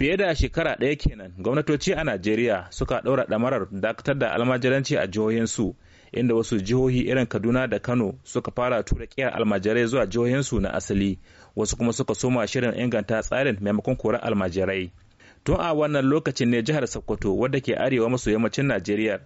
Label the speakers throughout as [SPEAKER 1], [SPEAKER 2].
[SPEAKER 1] fiye da shekara ɗaya kenan gwamnatoci a najeriya suka ɗaura ɗamarar dakatar da almajiranci a jihohinsu inda wasu jihohi irin kaduna da kano suka fara tura kiyar almajirai zuwa jihohinsu na asali wasu kuma suka soma shirin inganta tsarin maimakon korar almajirai tun a wannan lokacin ne jihar sokoto wadda ke arewa maso yammacin najeriya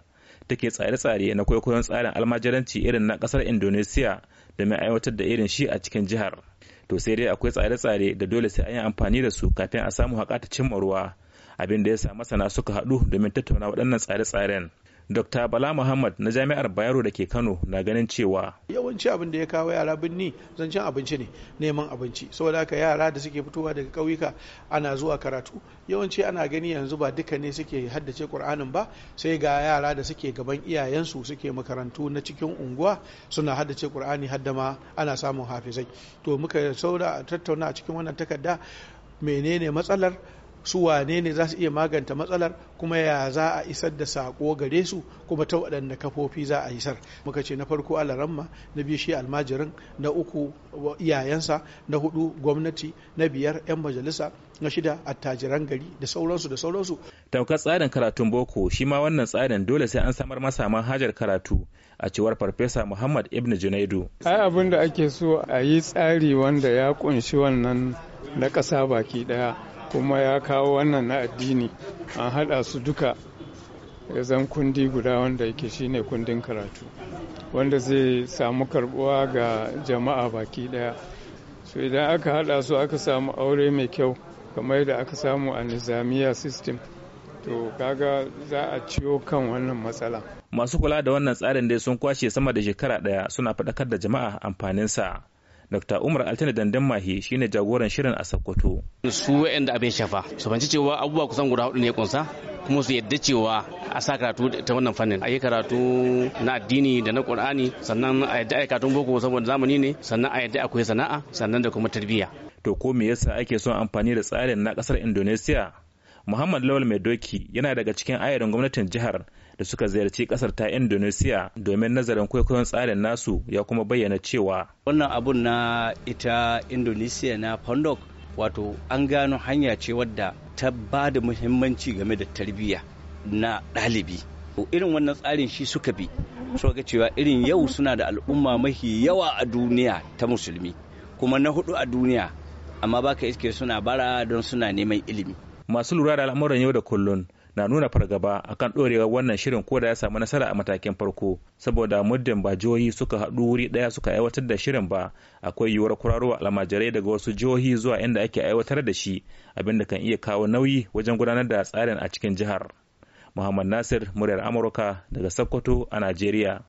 [SPEAKER 1] take tsare-tsare na kwaikwayon tsarin almajiranci irin na kasar indonesiya da mai aiwatar da irin shi a cikin jihar to sai dai akwai tsare-tsare da dole sai an yi amfani da su kafin a samu haƙa ta cimma ruwa abin da ya sa masana suka haɗu domin tattauna waɗannan tsare-tsaren Dr. Bala Muhammad na Jami'ar Bayero da ke Kano na ganin cewa
[SPEAKER 2] yawanci abin da ya kawo yara birni zancen abinci ne neman abinci saboda haka yara da suke fitowa daga ƙauyuka ana zuwa karatu yawanci ana gani yanzu ba duka ne suke haddace Qur'anin ba sai ga yara da suke gaban iyayensu suke makarantu na cikin unguwa suna haddace Qur'ani ma ana samun hafizai to muka saura tattauna a cikin wannan takarda menene matsalar su wane ne za su iya maganta matsalar kuma ya za a isar da saƙo gare su kuma ta waɗanda kafofi za a isar muka ce na farko alaramma na biyu shi almajirin na uku iyayensa na hudu gwamnati na biyar 'yan majalisa na shida attajiran gari da sauransu da sauransu
[SPEAKER 1] taukar tsarin karatun boko shi ma wannan tsarin dole sai an samar masa manhajar karatu a cewar farfesa muhammad ibn junaidu
[SPEAKER 3] ai abin da ake so a yi tsari wanda ya kunshi wannan na ƙasa baki ɗaya kuma ya kawo wannan na addini an haɗa su duka ya zan kundi guda wanda yake shine kundin karatu wanda zai samu karbuwa ga jama'a baki daya so idan aka haɗa su aka samu aure mai kyau kamar da aka samu a nizamiya system to kaga za a ciyo kan wannan matsala
[SPEAKER 1] masu kula da wannan tsarin dai sun kwashe sama da shekara daya suna faɗakar da jama'a amfanin amfaninsa Dr. Umar Altani Dandan Mahi shine jagoran shirin a Sokoto. Su wa'anda abin shafa, su fanci cewa abubuwa kusan guda hudu ne kunsa, kuma su yadda cewa a sa karatu ta wannan fannin. A yi karatu na addini da na Qur'ani, sannan a yadda a karatun boko saboda zamani ne, sannan a yadda akwai sana'a, sannan da kuma tarbiyya. To ko me yasa ake son amfani da tsarin na kasar Indonesia muhammad lawal mai doki yana daga cikin ayarin gwamnatin jihar da suka ziyarci kasar ta indonesia domin nazarin kwaikwayon tsarin nasu ya kuma bayyana cewa wannan abun na ita indonesia na pondok wato an gano hanya ce wadda ta ba da muhimmanci game da tarbiyya na ɗalibi irin wannan tsarin shi suka bi suka cewa irin yau suna da al'umma mafi yawa a duniya ta musulmi kuma na hudu a duniya amma baka iske suna bara don suna neman ilimi masu lura da al'amuran yau da kullun na nuna fargaba akan ɗorewar wannan shirin ko da ya samu nasara a matakin farko saboda muddin ba jihohi suka haɗu wuri ɗaya suka aiwatar da shirin ba akwai yiwuwar kurarowa almajirai daga wasu jihohi zuwa inda ake aiwatar da shi abin da kan iya kawo nauyi wajen gudanar da tsarin a cikin jihar muhammad nasir muryar amurka daga sokoto a najeriya